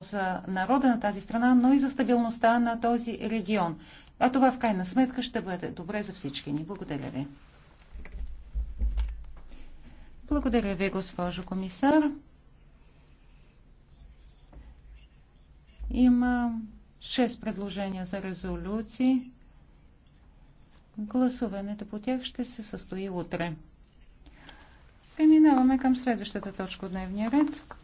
за народа на тази страна, но и за стабилността на този регион. А това в крайна сметка ще бъде добре за всички ни. Благодаря ви. Благодаря ви, госпожо комисар. Има 6 предложения за резолюции. Гласуването по тях ще се състои утре. Преминаваме към следващата точка от дневния ред.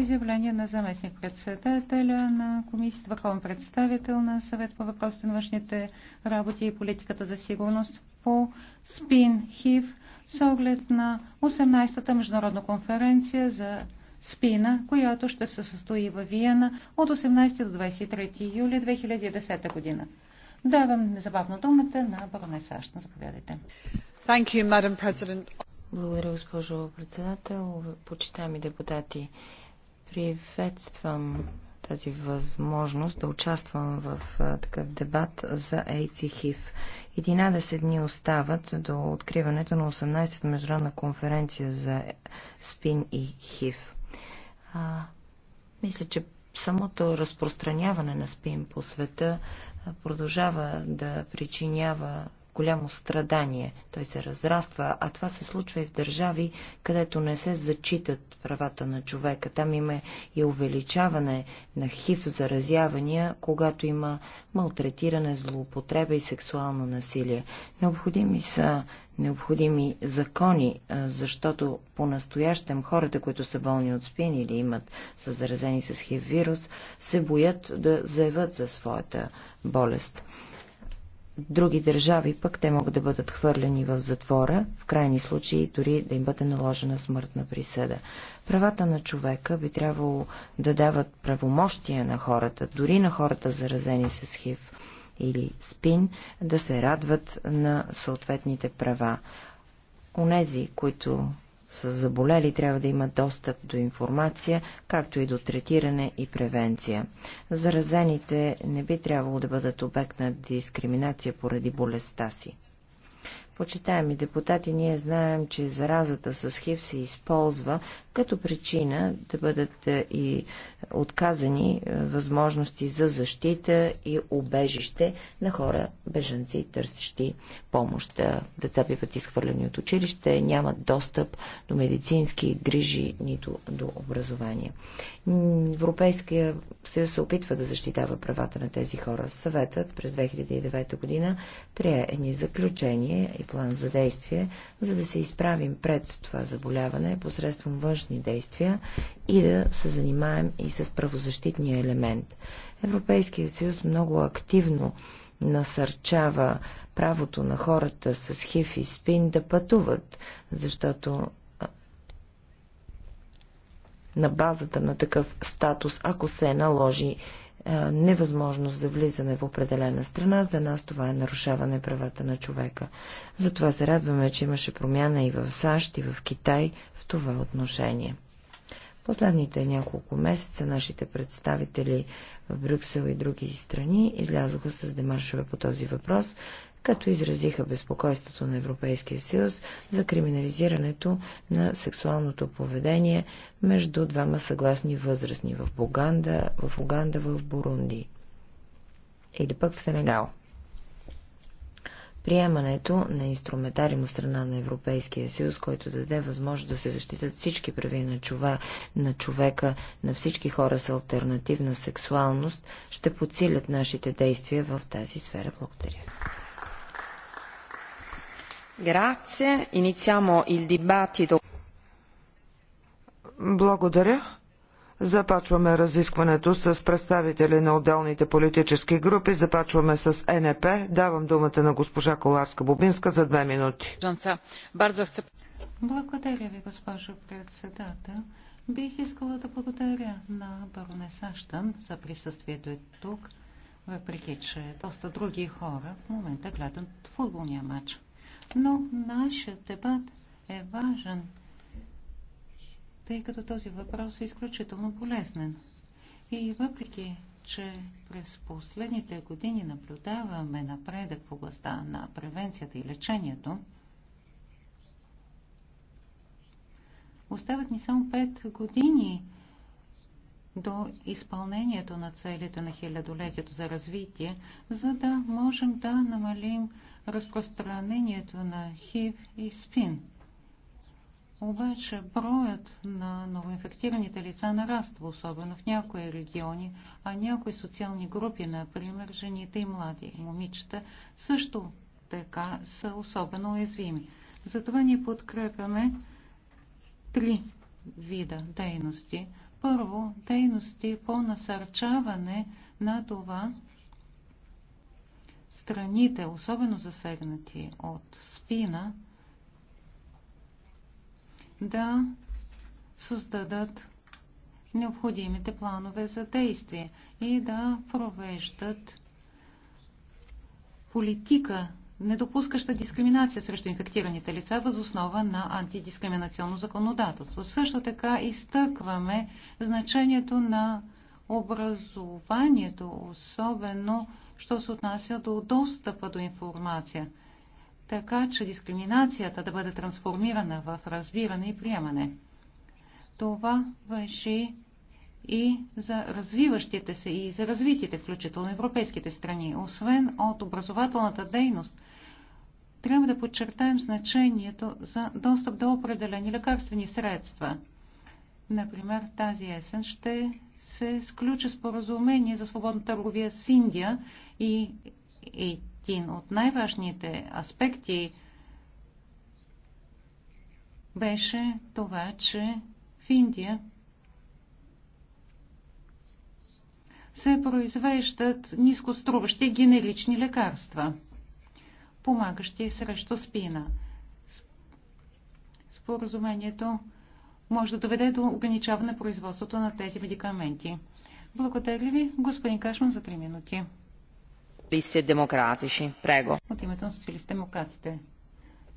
изявление на заместник-председателя на Комисията Върховен представител на Съвет по въпросите на външните работи и политиката за сигурност по СПИН ХИВ с оглед на 18-та международна конференция за СПИНа, която ще се състои във Виена от 18 до 23 юли 2010 година. Давам незабавно думата на баронеса Ашна. Заповядайте. Thank you, Благодаря, госпожо председател. Почитаеми депутати, Приветствам тази възможност да участвам в такъв дебат за AIDS и HIV. 11 дни остават до откриването на 18-та международна конференция за СПИН и ХИВ. А, мисля, че самото разпространяване на СПИН по света продължава да причинява голямо страдание. Той се разраства, а това се случва и в държави, където не се зачитат правата на човека. Там има и увеличаване на хив заразявания, когато има малтретиране, злоупотреба и сексуално насилие. Необходими са необходими закони, защото по-настоящем хората, които са болни от спин или имат са заразени с хив вирус, се боят да заявят за своята болест други държави пък те могат да бъдат хвърлени в затвора, в крайни случаи дори да им бъде наложена смъртна присъда. Правата на човека би трябвало да дават правомощия на хората, дори на хората заразени с хив или спин, да се радват на съответните права. Онези, които са заболели, трябва да имат достъп до информация, както и до третиране и превенция. Заразените не би трябвало да бъдат обект на дискриминация поради болестта си. Почитаеми депутати, ние знаем, че заразата с хив се използва като причина да бъдат е, и отказани е, възможности за защита и обежище на хора, бежанци, търсещи помощ. Е, деца биват изхвърлени от училище, нямат достъп до медицински грижи, нито до образование. Европейския съюз се опитва да защитава правата на тези хора. Съветът през 2009 година прие едни заключения и план за действие, за да се изправим пред това заболяване посредством външ външни действия и да се занимаем и с правозащитния елемент. Европейския съюз много активно насърчава правото на хората с хив и спин да пътуват, защото на базата на такъв статус, ако се наложи е, невъзможност за влизане в определена страна, за нас това е нарушаване правата на човека. Затова се радваме, че имаше промяна и в САЩ, и в Китай в това отношение. Последните няколко месеца нашите представители в Брюксел и други страни излязоха с демаршове по този въпрос като изразиха безпокойството на Европейския съюз за криминализирането на сексуалното поведение между двама съгласни възрастни в Буганда, в Уганда, в Бурунди или пък в Сенегал. Приемането на инструментариум от страна на Европейския съюз, който даде възможност да се защитат всички прави на, чува, на човека, на всички хора с альтернативна сексуалност, ще подсилят нашите действия в тази сфера. Благодаря. Благодаря. Започваме разискването с представители на отделните политически групи. Започваме с НП. Давам думата на госпожа Коларска-Бубинска за две минути. Благодаря ви, госпожо председател. Бих искала да благодаря на баронеса Аштън за присъствието е тук, въпреки че е доста други хора в момента гледат футболния матч. Но нашият дебат е важен, тъй като този въпрос е изключително полезен. И въпреки, че през последните години наблюдаваме напредък в областта на превенцията и лечението, остават ни само 5 години до изпълнението на целите на хилядолетието за развитие, за да можем да намалим разпространението на ХИВ и СПИН. Обаче броят на новоинфектираните лица нараства, особено в някои региони, а някои социални групи, например жените и млади момичета, също така са особено уязвими. Затова ни подкрепяме три вида дейности. Първо, дейности по насърчаване на това страните, особено засегнати от спина, да създадат необходимите планове за действие и да провеждат политика, недопускаща дискриминация срещу инфектираните лица въз основа на антидискриминационно законодателство. Също така изтъкваме значението на образованието, особено що се отнася до достъпа до информация, така че дискриминацията да бъде трансформирана в разбиране и приемане. Това въжи и за развиващите се, и за развитите, включително европейските страни. Освен от образователната дейност, трябва да подчертаем значението за достъп до определени лекарствени средства. Например, тази есен ще се сключи споразумение за свободна търговия с Индия и един от най-важните аспекти беше това, че в Индия се произвеждат нискоструващи генерични лекарства, помагащи срещу спина. Споразумението може да доведе до ограничаване производството на тези медикаменти. Благодаря ви, господин Кашман, за 3 минути. Листи демократичи. Прего. От името на социалист демократите.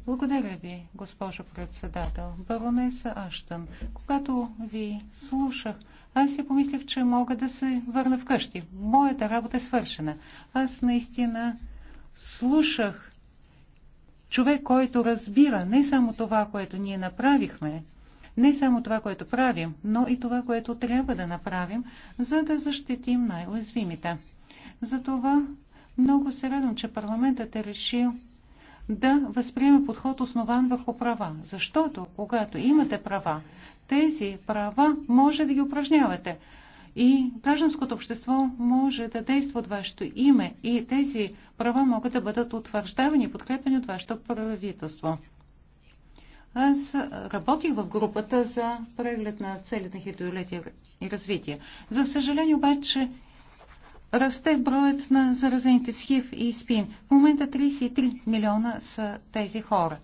Благодаря ви, госпожо председател. Баронеса Аштън, когато ви слушах, аз си помислих, че мога да се върна вкъщи. Моята работа е свършена. Аз наистина слушах човек, който разбира не само това, което ние направихме, не само това, което правим, но и това, което трябва да направим, за да защитим най-уязвимите. Затова много се радвам, че парламентът е решил да възприеме подход основан върху права. Защото, когато имате права, тези права може да ги упражнявате. И гражданското общество може да действа от вашето име и тези права могат да бъдат утвърждавани и подкрепени от вашето правителство. Аз работих в групата за преглед на целите на и развитие. За съжаление обаче расте броят на заразените с ХИВ и СПИН. В момента 33 милиона са тези хора.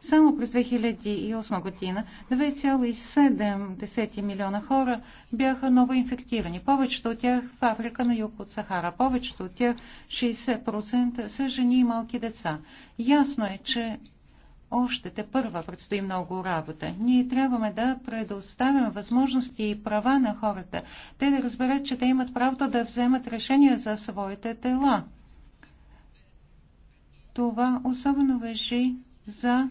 Само през 2008 година 2,7 милиона хора бяха ново инфектирани. Повечето от тях в Африка на юг от Сахара. Повечето от тях, 60% са жени и малки деца. Ясно е, че още те първа предстои много работа. Ние трябваме да предоставим възможности и права на хората. Те да разберат, че те имат правото да вземат решения за своите тела. Това особено въжи за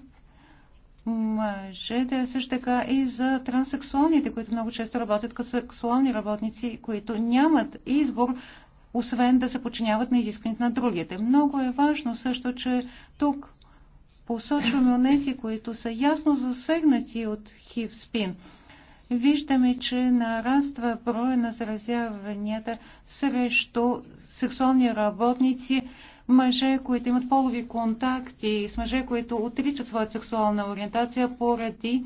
мъжете, също така и за транссексуалните, които много често работят като сексуални работници, които нямат избор освен да се подчиняват на изискването на другите. Много е важно също, че тук посочваме онези, които са ясно засегнати от хив-спин. Виждаме, че нараства броя на заразяванията срещу сексуални работници, мъже, които имат полови контакти с мъже, които отричат своята сексуална ориентация поради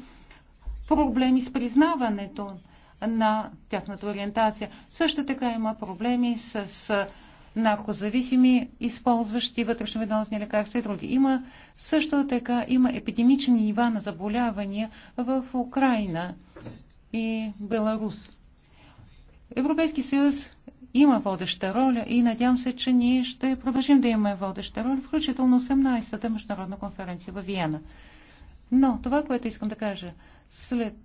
проблеми с признаването на тяхната ориентация. Също така има проблеми с наркозависими, използващи вътрешноведомствени лекарства и други. Има също така има епидемични нива на заболявания в Украина и Беларус. Европейски съюз има водеща роля и надявам се, че ние ще продължим да имаме водеща роля, включително 18-та международна конференция в Виена. Но това, което искам да кажа, след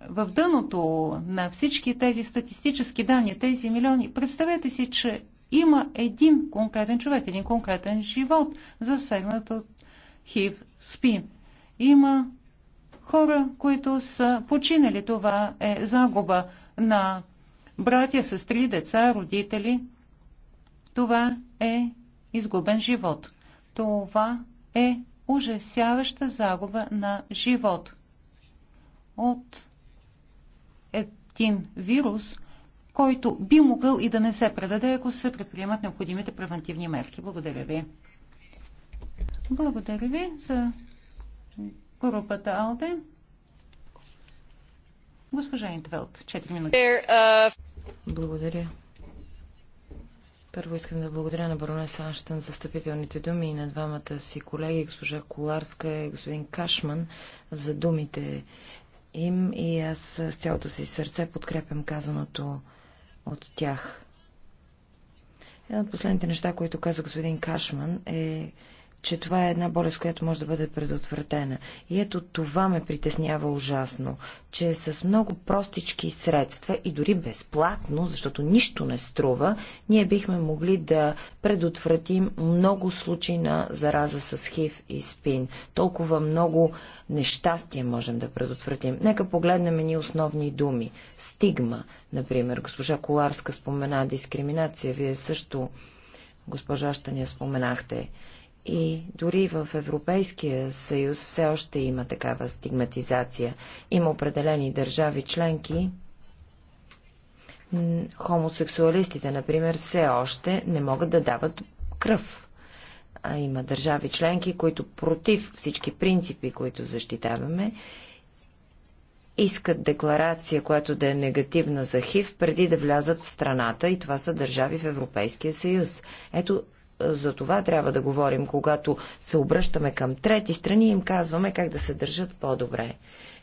в дъното на всички тези статистически данни, тези милиони, представете си, че има един конкретен човек, един конкретен живот, засегнат от хив, спи. Има хора, които са починали. Това е загуба на братя, сестри, деца, родители. Това е изгубен живот. Това е ужасяваща загуба на живот. От един вирус, който би могъл и да не се предаде, ако се предприемат необходимите превентивни мерки. Благодаря ви. Благодаря ви за групата АЛДЕ. Госпожа Интвелт, 4 минути. Благодаря. Първо искам да благодаря на баронеса Анштън за стъпителните думи и на двамата си колеги, госпожа Коларска и господин Кашман, за думите им и аз с цялото си сърце подкрепям казаното от тях. Една от последните неща, които каза господин Кашман е че това е една болест, която може да бъде предотвратена. И ето това ме притеснява ужасно, че с много простички средства и дори безплатно, защото нищо не струва, ние бихме могли да предотвратим много случаи на зараза с хив и спин. Толкова много нещастие можем да предотвратим. Нека погледнем ни основни думи. Стигма, например. Госпожа Коларска спомена дискриминация. Вие също госпожа ще споменахте. И дори в Европейския съюз все още има такава стигматизация. Има определени държави членки. Хомосексуалистите, например, все още не могат да дават кръв. А има държави членки, които против всички принципи, които защитаваме, искат декларация, която да е негативна за ХИВ, преди да влязат в страната и това са държави в Европейския съюз. Ето за това трябва да говорим, когато се обръщаме към трети страни и им казваме как да се държат по-добре.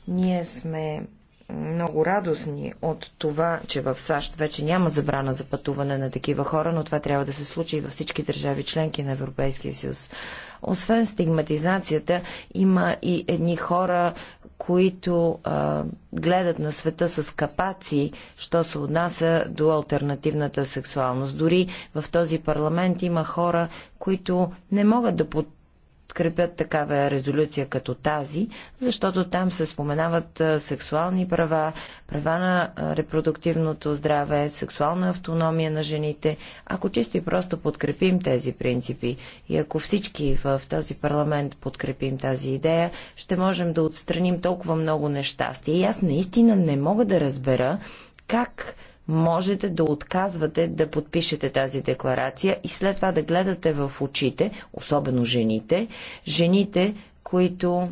Ние сме много радостни от това, че в САЩ вече няма забрана за пътуване на такива хора, но това трябва да се случи и във всички държави членки на Европейския съюз. Освен стигматизацията, има и едни хора, които а, гледат на света с капаци, що се отнася до альтернативната сексуалност. Дори в този парламент има хора, които не могат да под подкрепят такава резолюция като тази, защото там се споменават сексуални права, права на репродуктивното здраве, сексуална автономия на жените. Ако чисто и просто подкрепим тези принципи и ако всички в този парламент подкрепим тази идея, ще можем да отстраним толкова много нещастие. И аз наистина не мога да разбера как можете да отказвате да подпишете тази декларация и след това да гледате в очите, особено жените, жените, които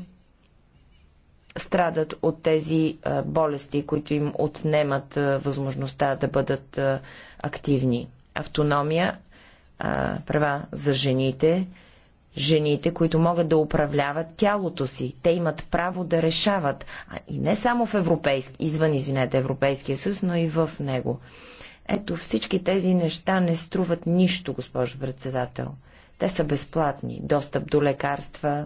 страдат от тези болести, които им отнемат възможността да бъдат активни. Автономия, права за жените, жените, които могат да управляват тялото си. Те имат право да решават. А и не само в Европейски, извън, извинете, Европейския съюз, но и в него. Ето, всички тези неща не струват нищо, госпожо председател. Те са безплатни. Достъп до лекарства,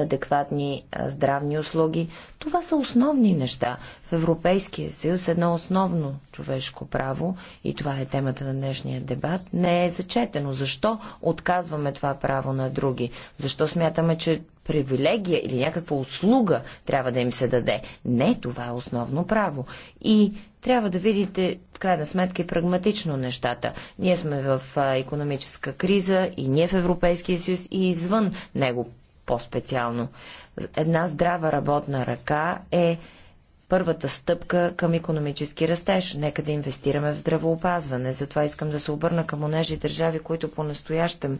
адекватни здравни услуги. Това са основни неща. В Европейския съюз едно основно човешко право, и това е темата на днешния дебат, не е зачетено. Защо отказваме това право на други? Защо смятаме, че привилегия или някаква услуга трябва да им се даде. Не, това е основно право. И трябва да видите, в крайна сметка, и прагматично нещата. Ние сме в економическа криза и ние в Европейския съюз и извън него по-специално. Една здрава работна ръка е първата стъпка към економически растеж. Нека да инвестираме в здравоопазване. Затова искам да се обърна към онежи държави, които по-настоящем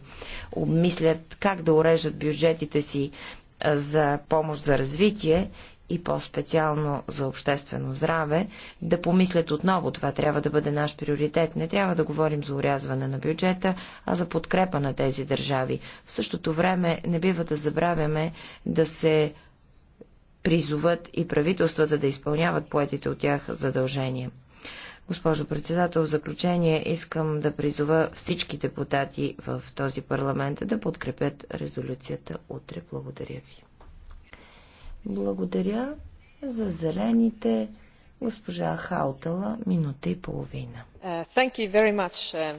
обмислят как да урежат бюджетите си за помощ за развитие и по-специално за обществено здраве, да помислят отново. Това трябва да бъде наш приоритет. Не трябва да говорим за урязване на бюджета, а за подкрепа на тези държави. В същото време не бива да забравяме да се призоват и правителствата да изпълняват поетите от тях задължения. Госпожо председател, в заключение искам да призова всички депутати в този парламент да подкрепят резолюцията утре. Благодаря ви. Благодаря за зелените. Госпожа Хаутала, минута и половина. Uh, uh,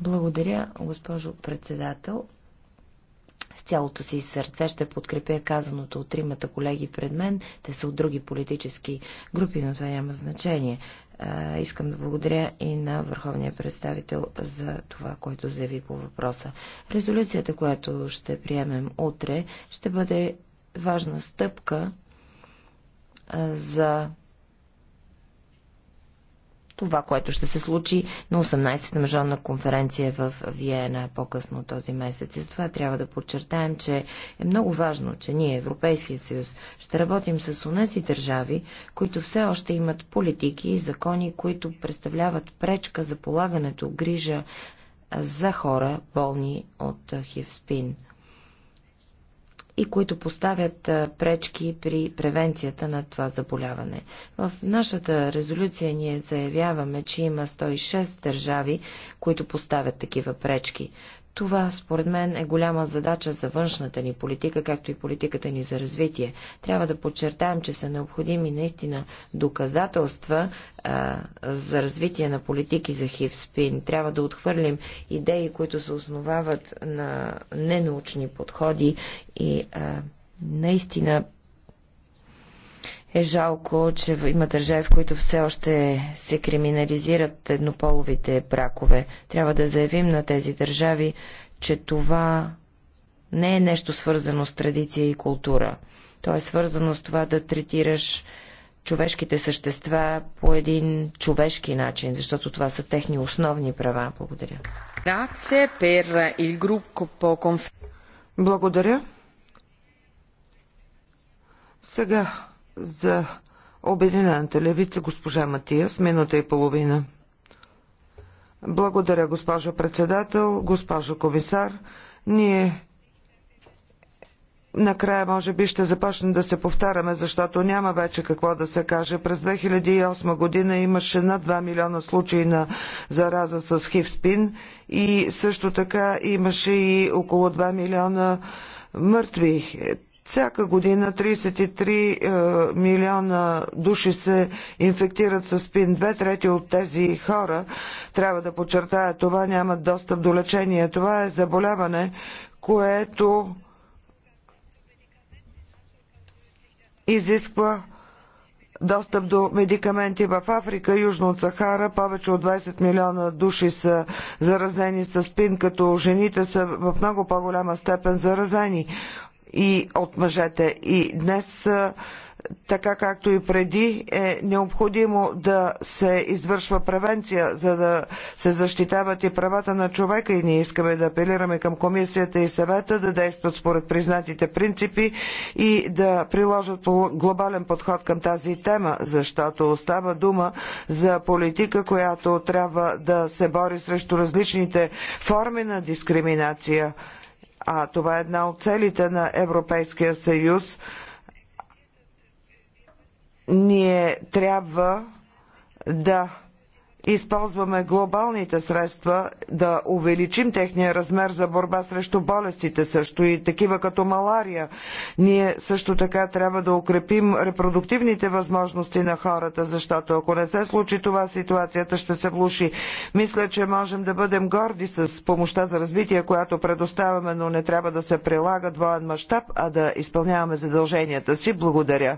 благодаря, госпожо председател. С цялото си сърце ще подкрепя казаното от тримата колеги пред мен. Те са от други политически групи, но това няма значение. Uh, искам да благодаря и на върховния представител за това, което заяви по въпроса. Резолюцията, която ще приемем утре, ще бъде важна стъпка за това, което ще се случи на 18-та международна конференция в Виена по-късно този месец. И това трябва да подчертаем, че е много важно, че ние, Европейския съюз, ще работим с унеси държави, които все още имат политики и закони, които представляват пречка за полагането грижа за хора, болни от хивспин и които поставят пречки при превенцията на това заболяване. В нашата резолюция ние заявяваме, че има 106 държави, които поставят такива пречки. Това, според мен, е голяма задача за външната ни политика, както и политиката ни за развитие. Трябва да подчертаем, че са необходими наистина доказателства а, за развитие на политики за хив спин. Трябва да отхвърлим идеи, които се основават на ненаучни подходи и а, наистина е жалко, че има държави, в които все още се криминализират еднополовите бракове. Трябва да заявим на тези държави, че това не е нещо свързано с традиция и култура. То е свързано с това да третираш човешките същества по един човешки начин, защото това са техни основни права. Благодаря. Благодаря. Сега за Обединената левица госпожа Матиас, минута и половина. Благодаря, госпожо председател, госпожо комисар. Ние накрая може би ще започнем да се повтаряме, защото няма вече какво да се каже. През 2008 година имаше над 2 милиона случаи на зараза с хивспин и също така имаше и около 2 милиона мъртви. Всяка година 33 е, милиона души се инфектират с спин. Две трети от тези хора, трябва да подчертая това, нямат достъп до лечение. Това е заболяване, което изисква достъп до медикаменти в Африка, южно от Сахара. Повече от 20 милиона души са заразени с спин, като жените са в много по-голяма степен заразени и от мъжете. И днес така както и преди, е необходимо да се извършва превенция, за да се защитават и правата на човека и ние искаме да апелираме към комисията и съвета да действат според признатите принципи и да приложат глобален подход към тази тема, защото остава дума за политика, която трябва да се бори срещу различните форми на дискриминация а това е една от целите на Европейския съюз, ние трябва да използваме глобалните средства да увеличим техния размер за борба срещу болестите, също и такива като малария. Ние също така трябва да укрепим репродуктивните възможности на хората, защото ако не се случи това, ситуацията ще се влуши. Мисля, че можем да бъдем горди с помощта за развитие, която предоставяме, но не трябва да се прилага двоен мащаб, а да изпълняваме задълженията си. Благодаря.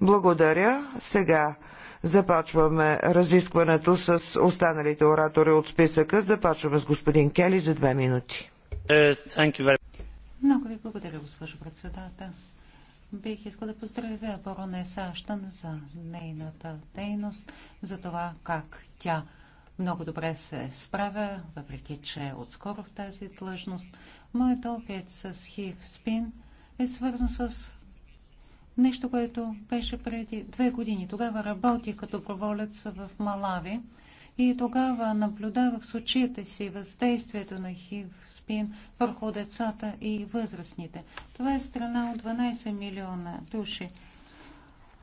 Благодаря. Сега Започваме разискването с останалите оратори от списъка. Започваме с господин Кели за две минути. Е, много ви благодаря, госпожо председател. Бих искал да поздравя баронес Сащан за нейната дейност, за това как тя много добре се справя, въпреки че е отскоро в тази длъжност. Моят опит с Хив спин е свързан с нещо, което беше преди две години. Тогава работих като проволец в Малави и тогава наблюдавах с очите си въздействието на хив спин върху децата и възрастните. Това е страна от 12 милиона души.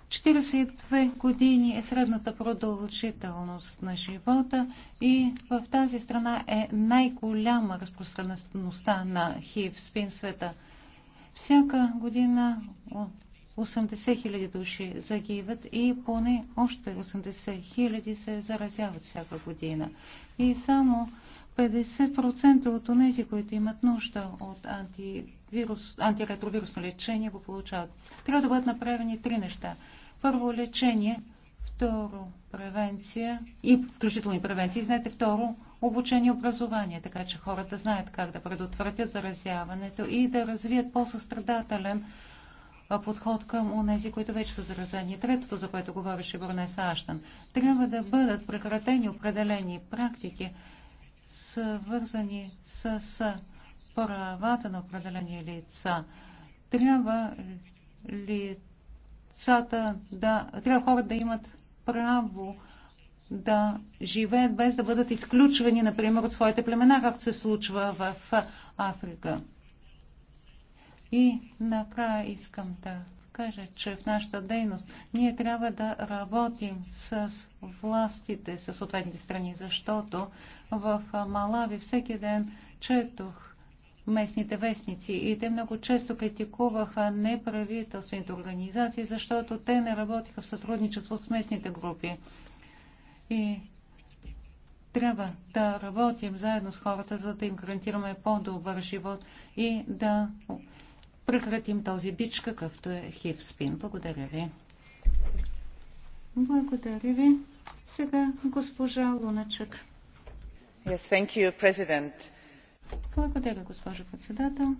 42 години е средната продължителност на живота и в тази страна е най-голяма разпространеността на хив спин света. Всяка година 80 хиляди души загиват и поне още 80 хиляди се заразяват всяка година. И само 50% от тези, които имат нужда от антивирус, антиретровирусно лечение, го получават. Трябва да бъдат направени три неща. Първо лечение, второ превенция и включително и превенция. знаете, второ обучение и образование, така че хората знаят как да предотвратят заразяването и да развият по-състрадателен подход към онези, които вече са заразени. Третото, за което говореше Борнеса Аштан, трябва да бъдат прекратени определени практики, свързани с правата на определени лица. Трябва лицата да, трябва хората да имат право да живеят без да бъдат изключвани, например, от своите племена, както се случва в Африка. И накрая искам да кажа, че в нашата дейност ние трябва да работим с властите, с съответните страни, защото в Малави всеки ден четох местните вестници и те много често критикуваха неправителствените организации, защото те не работиха в сътрудничество с местните групи. И трябва да работим заедно с хората, за да им гарантираме по-добър живот и да прекратим този бич, какъвто е хив спин. Благодаря ви. Благодаря ви. Сега госпожа Луначък. Yes, thank you, President. Благодаря, госпожа председател.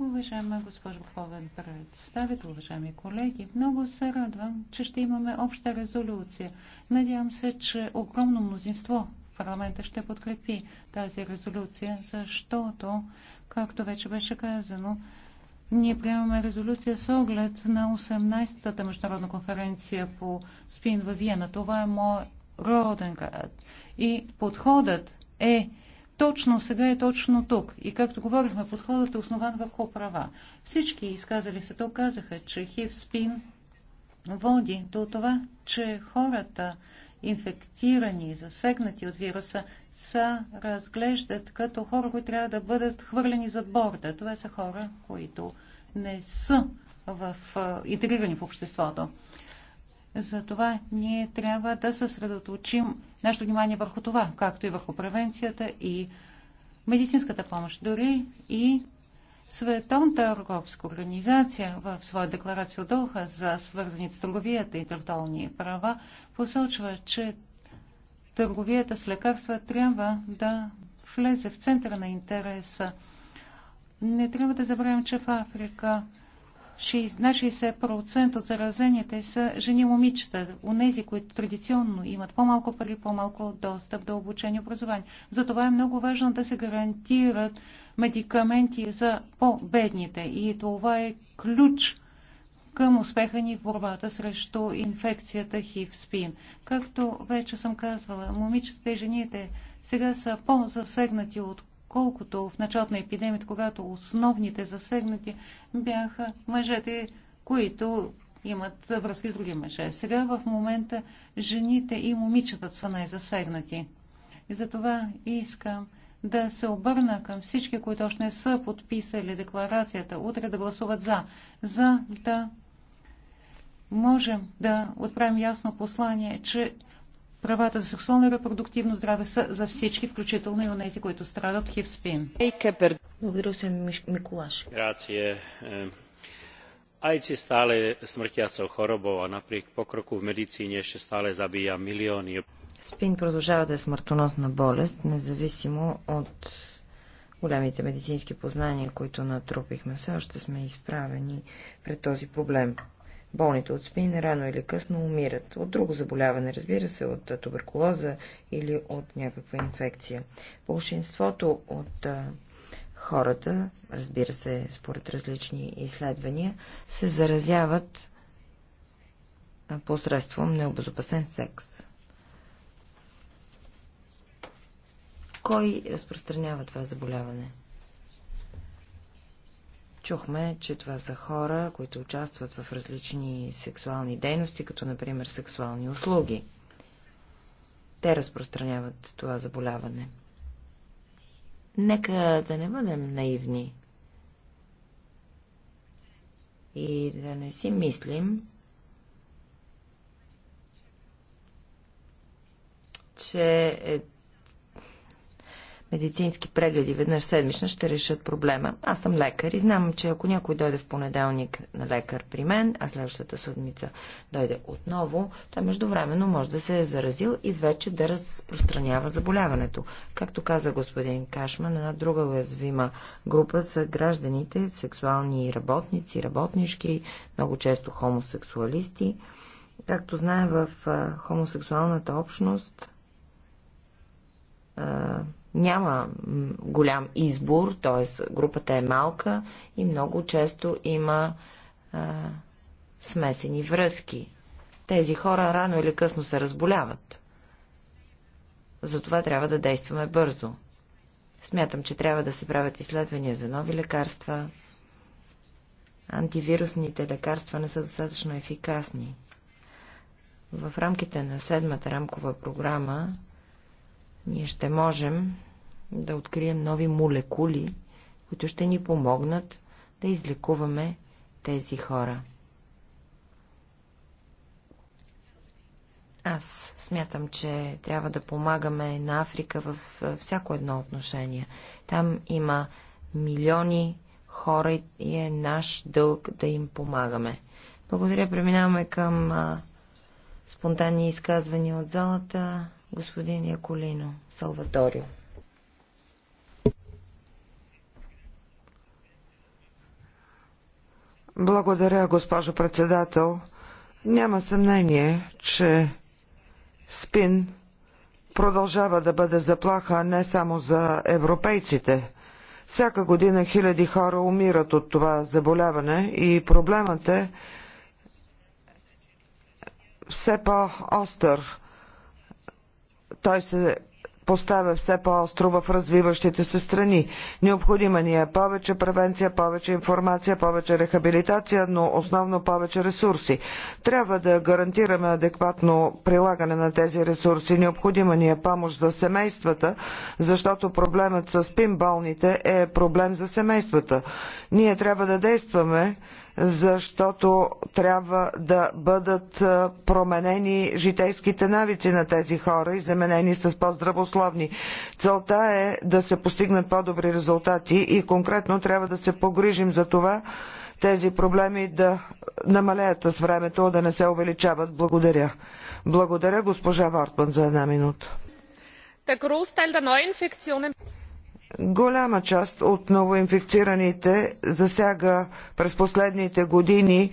Уважаема госпожа Върховен представител, уважаеми колеги, много се радвам, че ще имаме обща резолюция. Надявам се, че огромно мнозинство парламента ще подкрепи тази резолюция, защото, както вече беше казано, ние приемаме резолюция с оглед на 18-та международна конференция по спин във Виена. Това е мой роден град. И подходът е точно сега и е точно тук. И както говорихме, подходът е основан върху права. Всички изказали се то казаха, че хив спин води до това, че хората инфектирани засегнати от вируса, са разглеждат като хора, които трябва да бъдат хвърлени за борда. Това са хора, които не са в, интегрирани в обществото. Затова ние трябва да съсредоточим нашето внимание върху това, както и върху превенцията и медицинската помощ, дори и Световната търговска организация в своя декларация от Доха за свързани с търговията и интелектуални права посочва, че търговията с лекарства трябва да влезе в центъра на интереса. Не трябва да забравим, че в Африка на 60% от заразените са жени момичета, унези, които традиционно имат по-малко пари, по-малко достъп до обучение и образование. Затова е много важно да се гарантират медикаменти за по-бедните и това е ключ към успеха ни в борбата срещу инфекцията HIV-СПИН. Както вече съм казвала, момичетата и жените сега са по-засегнати от колкото в началото на епидемията, когато основните засегнати бяха мъжете, които имат връзки с други мъже. Сега в момента жените и момичетата са най-засегнати. И затова искам да се обърна към всички, които още не са подписали декларацията, утре да гласуват за, за да можем да отправим ясно послание, че Правата за сексуално и репродуктивно здраве са за всички, включително и у нези, които страдат от хивспин. Благодаря, се, Миколаш. Грация. Е, Айци стале stále smrtiacou chorobou a napriek в медицине ще стале забия милиони. Спин продължава да е смъртоносна болест, независимо от големите медицински познания, които натрупихме. Все още сме изправени пред този проблем. Болните от спин рано или късно умират. От друго заболяване, разбира се, от туберкулоза или от някаква инфекция. Полшинството от хората, разбира се, според различни изследвания, се заразяват посредством необезопасен секс. Кой разпространява това заболяване? Чухме, че това са хора, които участват в различни сексуални дейности, като например сексуални услуги. Те разпространяват това заболяване. Нека да не бъдем наивни и да не си мислим, че е медицински прегледи веднъж седмично ще решат проблема. Аз съм лекар и знам, че ако някой дойде в понеделник на лекар при мен, а следващата седмица дойде отново, той междувременно може да се е заразил и вече да разпространява заболяването. Както каза господин Кашман, една друга уязвима група са гражданите, сексуални работници, работнички, много често хомосексуалисти. Както знаем, в хомосексуалната общност няма голям избор, т.е. групата е малка и много често има а, смесени връзки. Тези хора рано или късно се разболяват. Затова трябва да действаме бързо. Смятам, че трябва да се правят изследвания за нови лекарства. Антивирусните лекарства не са достатъчно ефикасни. В рамките на седмата рамкова програма ние ще можем да открием нови молекули, които ще ни помогнат да излекуваме тези хора. Аз смятам, че трябва да помагаме на Африка в всяко едно отношение. Там има милиони хора и е наш дълг да им помагаме. Благодаря. Преминаваме към а, спонтанни изказвания от залата господин Яколино Салваторио. Благодаря, госпожо председател. Няма съмнение, че спин продължава да бъде заплаха не само за европейците. Всяка година хиляди хора умират от това заболяване и проблемът е все по-остър той се поставя все по-остро в развиващите се страни. Необходима ни е повече превенция, повече информация, повече рехабилитация, но основно повече ресурси. Трябва да гарантираме адекватно прилагане на тези ресурси. Необходима ни е помощ за семействата, защото проблемът с пинболните е проблем за семействата. Ние трябва да действаме защото трябва да бъдат променени житейските навици на тези хора и заменени с по-здравословни. Целта е да се постигнат по-добри резултати и конкретно трябва да се погрижим за това тези проблеми да намалеят с времето, да не се увеличават. Благодаря. Благодаря госпожа Вортман за една минута. Голяма част от новоинфекцираните засяга през последните години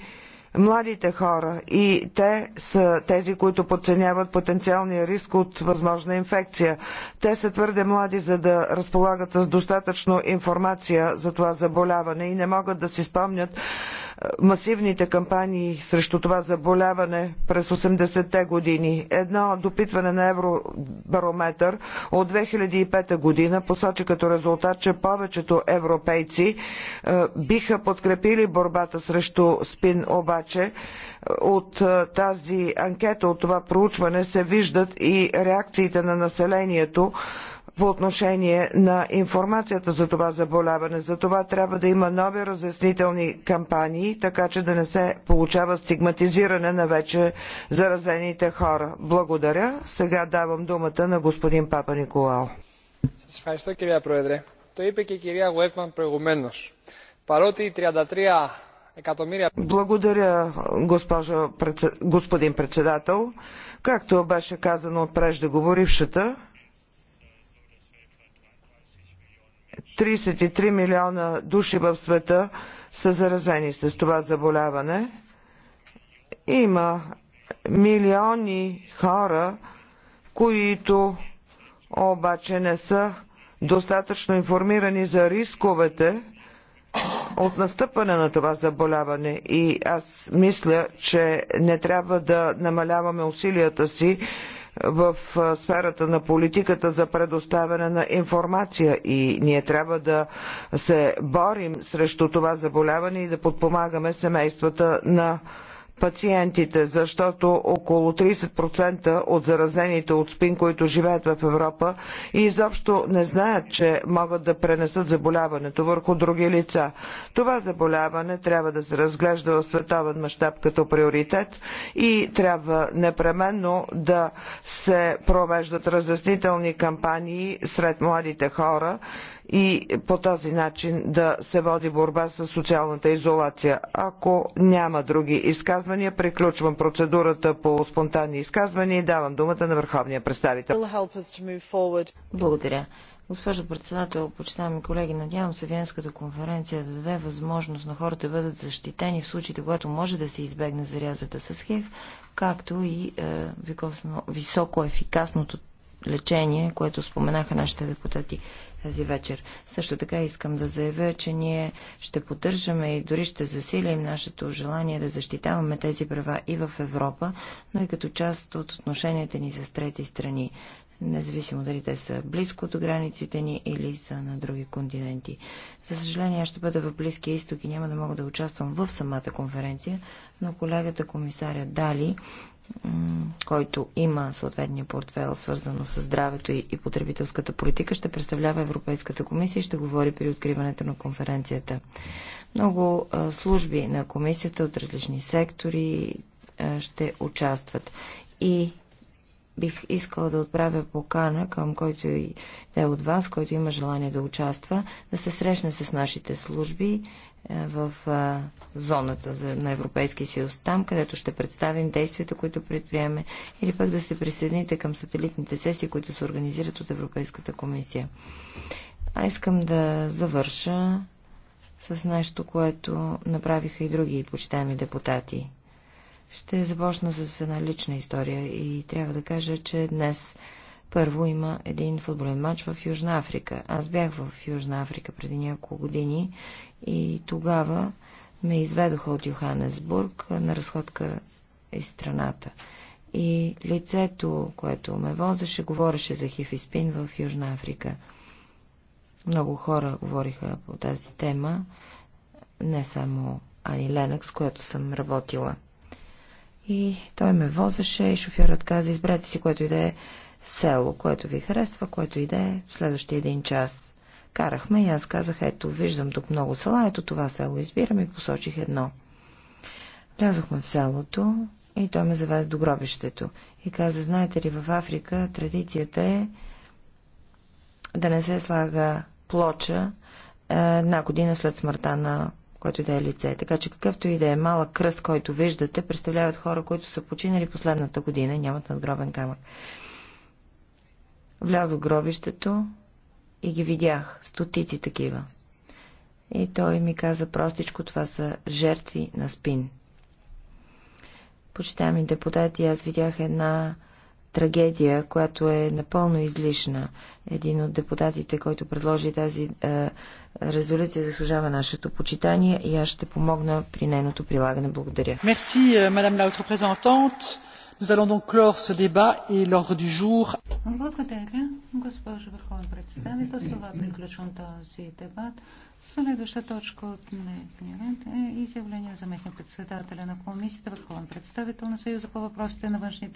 младите хора и те са тези, които подценяват потенциалния риск от възможна инфекция. Те са твърде млади, за да разполагат с достатъчно информация за това заболяване и не могат да си спомнят масивните кампании срещу това заболяване през 80-те години. Едно допитване на Евробарометър от 2005 година посочи като резултат, че повечето европейци е, биха подкрепили борбата срещу спин, обаче е, от е, тази анкета, от това проучване се виждат и реакциите на населението по отношение на информацията за това заболяване. За това трябва да има нови разяснителни кампании, така че да не се получава стигматизиране на вече заразените хора. Благодаря. Сега давам думата на господин Папа Николао. Το είπε και η κυρία Γουέφμαν Παρότι 33 εκατομμύρια... Благодаря, господин председател. Както беше казано от преждеговорившата, 33 милиона души в света са заразени с това заболяване. Има милиони хора, които обаче не са достатъчно информирани за рисковете от настъпване на това заболяване и аз мисля, че не трябва да намаляваме усилията си в сферата на политиката за предоставяне на информация и ние трябва да се борим срещу това заболяване и да подпомагаме семействата на пациентите, защото около 30% от заразените от спин, които живеят в Европа и изобщо не знаят, че могат да пренесат заболяването върху други лица. Това заболяване трябва да се разглежда в световен мащаб като приоритет и трябва непременно да се провеждат разяснителни кампании сред младите хора, и по този начин да се води борба с социалната изолация. Ако няма други изказвания, приключвам процедурата по спонтанни изказвания и давам думата на върховния представител. Благодаря. Госпожо председател, почитаваме колеги, надявам се Венската конференция да даде възможност на хората да бъдат защитени в случаите, когато може да се избегне зарязата с хив, както и е, високо ефикасното лечение, което споменаха нашите депутати тази вечер. Също така искам да заявя, че ние ще поддържаме и дори ще засилим нашето желание да защитаваме тези права и в Европа, но и като част от отношенията ни с трети страни независимо дали те са близко до границите ни или са на други континенти. За съжаление, аз ще бъда в Близкия изток и няма да мога да участвам в самата конференция, но колегата комисаря Дали който има съответния портфел, свързано с здравето и, потребителската политика, ще представлява Европейската комисия и ще говори при откриването на конференцията. Много служби на комисията от различни сектори ще участват. И бих искала да отправя покана към който и те от вас, който има желание да участва, да се срещне с нашите служби е, в е, зоната на Европейския съюз, там където ще представим действията, които предприеме, или пък да се присъедините към сателитните сесии, които се организират от Европейската комисия. А искам да завърша с нещо, което направиха и други почитаеми депутати. Ще започна с една лична история и трябва да кажа, че днес първо има един футболен матч в Южна Африка. Аз бях в Южна Африка преди няколко години и тогава ме изведоха от Йоханесбург на разходка из страната. И лицето, което ме возеше, говореше за хив и спин в Южна Африка. Много хора говориха по тази тема, не само Ани Ленък, с която съм работила. И той ме возеше и шофьорът каза, избрате си което и да е село, което ви харесва, което иде в следващия един час. Карахме и аз казах, ето, виждам тук много села, ето това село избирам и посочих едно. Влязохме в селото и той ме заведе до гробището и каза, знаете ли, в Африка традицията е да не се слага плоча е, една година след смъртта на който и да е лице. Така че какъвто и да е малък кръст, който виждате, представляват хора, които са починали последната година и нямат надгробен камък. Влязо в гробището и ги видях, стотици такива. И той ми каза простичко, това са жертви на спин. Почитаеми депутати, аз видях една трагедия, която е напълно излишна. Един от депутатите, който предложи тази е, резолюция, заслужава нашето почитание и аз ще помогна при нейното прилагане. Благодаря. Merci, е, madame la Nous allons donc clore ce débat et l'ordre du jour. Благодаря, точка от дневния ред е изявление заместник председателя на комисията, върховен представител на Съюза по въпросите на външните